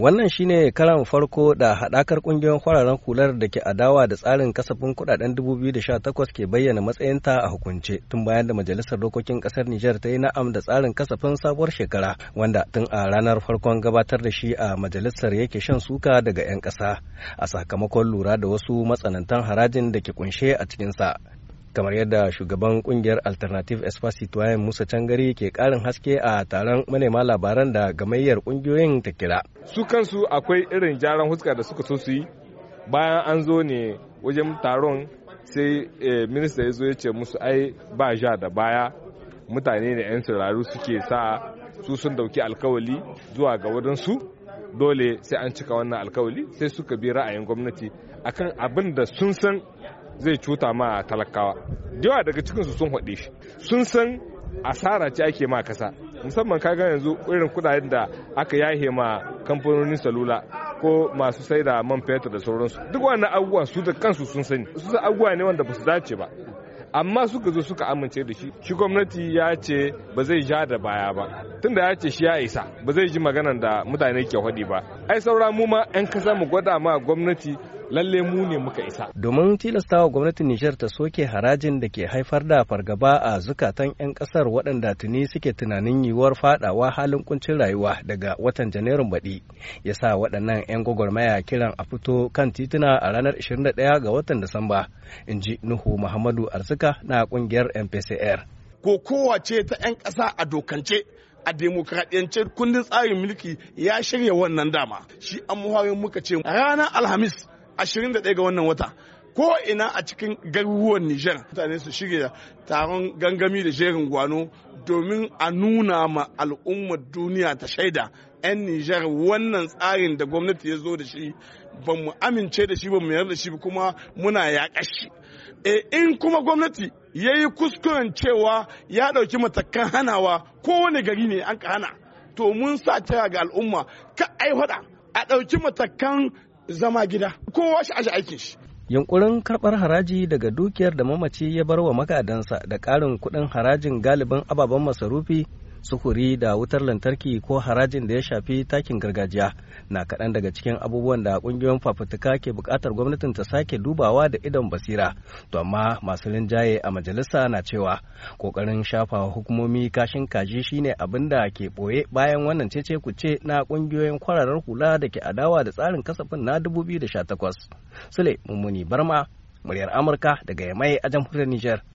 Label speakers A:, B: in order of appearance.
A: Wannan shine karan farko da haɗakar ƙungiyoyin kwararen kular da ke adawa da tsarin kasafin kuɗaɗen 2018 ke bayyana matsayinta a hukunce tun bayan da Majalisar Dokokin Ƙasar Nijar ta yi na'am da tsarin kasafin sabuwar shekara wanda tun a ranar farkon gabatar da shi a majalisar yake shan suka daga 'yan ƙasa a sakamakon lura da wasu matsanantan harajin da ke kunshe a cikinsa. kamar yadda shugaban kungiyar alternative espace citoyen musa cangari ke karin haske a taron manema labaran da gamayyar kungiyoyin ta kira su
B: kansu akwai irin jaran huska da suka so su yi bayan an zo ne wajen taron sai eh, minista ya zo ya ce musu ai ba ja da baya mutane ne 'yan sirari suke sa su sun dauki alkawali zuwa ga wadansu dole sai an cika wannan alkawali sai suka bi ra'ayin gwamnati akan abin da sun san zai cuta ma talakawa yawa daga cikinsu sun haɗe shi sun san asara ce ake ma kasa musamman kaga yanzu irin kudayen da aka yahe ma kamfanonin salula ko masu sai da man fetur da sauransu duk wani abubuwa su da kansu sun sani su abubuwa ne wanda ba su dace ba amma suka zo suka amince da shi shi gwamnati ya ce ba zai ja da baya ba tunda ya ce shi ya isa ba zai ji maganan da mutane ke hodi ba ai saura mu ma 'yan kasa mu gwada ma gwamnati lalle mu ne muka isa.
A: Domin tilastawa gwamnatin Nijar ta soke harajin da ke haifar da fargaba a zukatan 'yan kasar waɗanda tuni suke tunanin yiwuwar fadawa halin kuncin rayuwa daga watan Janairun baɗi. Ya sa waɗannan 'yan gwagwarmaya kiran a fito kan tituna a ranar 21 ga watan Disamba, in ji Nuhu Muhammadu Arzika na ƙungiyar MPCR.
C: Ko kowace ta 'yan ƙasa a dokance a demokradiyance kundin tsarin mulki ya shirya wannan dama shi an muhawin muka ce ranar alhamis 21 ga wannan wata ko ina a cikin garuruwan Nijar mutane su shirya taron gangami da jerin gwano domin a nuna ma al'ummar duniya ta shaida 'yan Nijar wannan tsarin da gwamnati ya zo da shi ba mu amince da shi ba mu yarda da shi kuma muna yaƙa shi. E, in kuma gwamnati ya yi kuskuren cewa ya ɗauki matakan hanawa kowane gari ne an ka hana to mun sa ta ga al'umma ka ai a ɗauki matakan zama gida kowa shi aji aikin shi
A: yunkurin karɓar haraji daga dukiyar da mamaci ya bar wa magadansa da ƙarin kuɗin harajin galibin ababen masarufi sufuri da wutar lantarki ko harajin da ya shafi takin gargajiya na kaɗan daga cikin abubuwan da ƙungiyoyin fafutuka ke buƙatar gwamnatin ta sake dubawa da idon basira to amma masu linjaye a majalisa na cewa ƙoƙarin shafawa hukumomi kashin kaji shine abin da ke ɓoye bayan wannan cece kuce na ƙungiyoyin kwararar hula da ke adawa da tsarin kasafin na 2018 sule mummuni barma muryar amurka daga yamai a jamhuriyar niger